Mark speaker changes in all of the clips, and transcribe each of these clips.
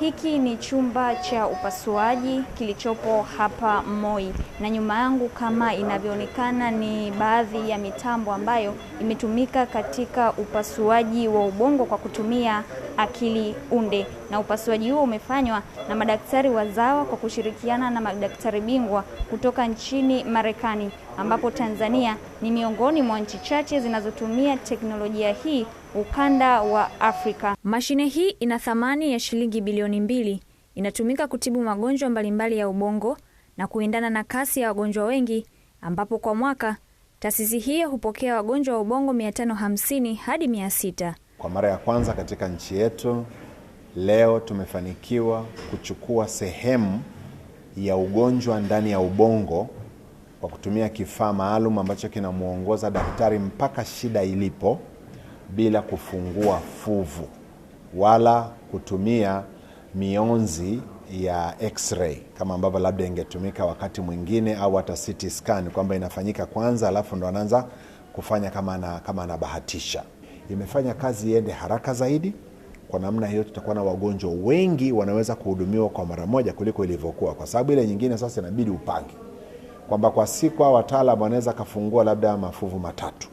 Speaker 1: Hiki ni chumba cha upasuaji kilichopo hapa Moi, na nyuma yangu kama inavyoonekana ni baadhi ya mitambo ambayo imetumika katika upasuaji wa ubongo kwa kutumia akili unde, na upasuaji huo umefanywa na madaktari wazawa kwa kushirikiana na madaktari bingwa kutoka nchini Marekani, ambapo Tanzania ni miongoni mwa nchi chache zinazotumia teknolojia hii ukanda wa Afrika.
Speaker 2: Mashine hii ina thamani ya shilingi bilioni mbili. Inatumika kutibu magonjwa mbalimbali ya ubongo na kuendana na kasi ya wagonjwa wengi, ambapo kwa mwaka taasisi hiyo hupokea wagonjwa wa ubongo 550 hadi 600.
Speaker 3: Kwa mara ya kwanza katika nchi yetu leo tumefanikiwa kuchukua sehemu ya ugonjwa ndani ya ubongo kwa kutumia kifaa maalum ambacho kinamwongoza daktari mpaka shida ilipo bila kufungua fuvu wala kutumia mionzi ya x-ray kama ambavyo labda ingetumika wakati mwingine au hata CT scan kwamba inafanyika kwanza alafu ndo anaanza kufanya kama kama anabahatisha imefanya kazi iende haraka zaidi. Kwa namna hiyo, tutakuwa na wagonjwa wengi wanaweza kuhudumiwa kwa mara moja kuliko ilivyokuwa, kwa sababu ile nyingine sasa inabidi upange kwamba kwa siku aa wataalamu wanaweza kafungua labda mafuvu matatu,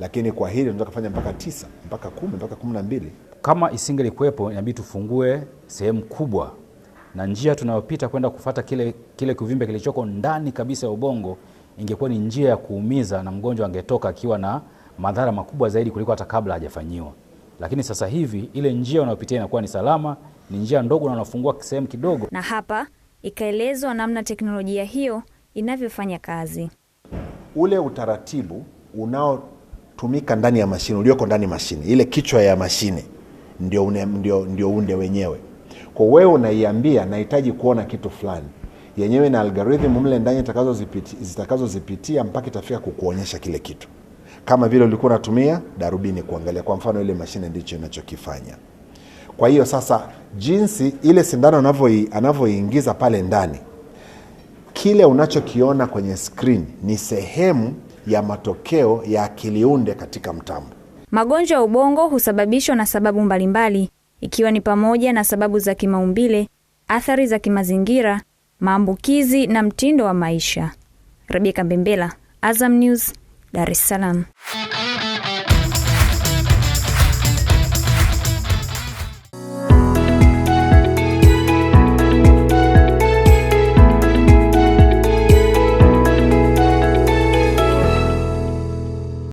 Speaker 3: lakini kwa hili tunataka kufanya mpaka tisa mpaka kumi mpaka kumi na mbili.
Speaker 4: Kama isingelikuwepo inabidi tufungue sehemu kubwa na njia tunayopita kwenda kufata kile, kile kivimbe kilichoko ndani kabisa ya ubongo ingekuwa ni njia ya kuumiza, na mgonjwa angetoka akiwa na madhara makubwa zaidi kuliko hata kabla hajafanyiwa. Lakini sasa hivi ile njia unayopitia inakuwa ni salama, ni njia ndogo na unafungua sehemu kidogo.
Speaker 2: Na hapa ikaelezwa namna teknolojia hiyo inavyofanya kazi.
Speaker 3: Ule utaratibu unaotumika ndani ya mashine, ulioko ndani ya mashine, ile kichwa ya mashine ndio, ndio, ndio unde wenyewe. Kwa wewe unaiambia nahitaji kuona kitu fulani yenyewe na algorithm mle ndani zitakazozipitia mpaka itafika kukuonyesha kile kitu kama vile ulikuwa unatumia darubini kuangalia. Kwa mfano, ile mashine ndicho inachokifanya. Kwa hiyo sasa, jinsi ile sindano anavyoiingiza pale ndani, kile unachokiona kwenye skrini ni sehemu ya matokeo ya akiliunde katika mtambo.
Speaker 2: Magonjwa ya ubongo husababishwa na sababu mbalimbali, ikiwa ni pamoja na sababu za kimaumbile, athari za kimazingira, maambukizi na mtindo wa maisha. Rebeka Mbembela, Azam News, Darussalam.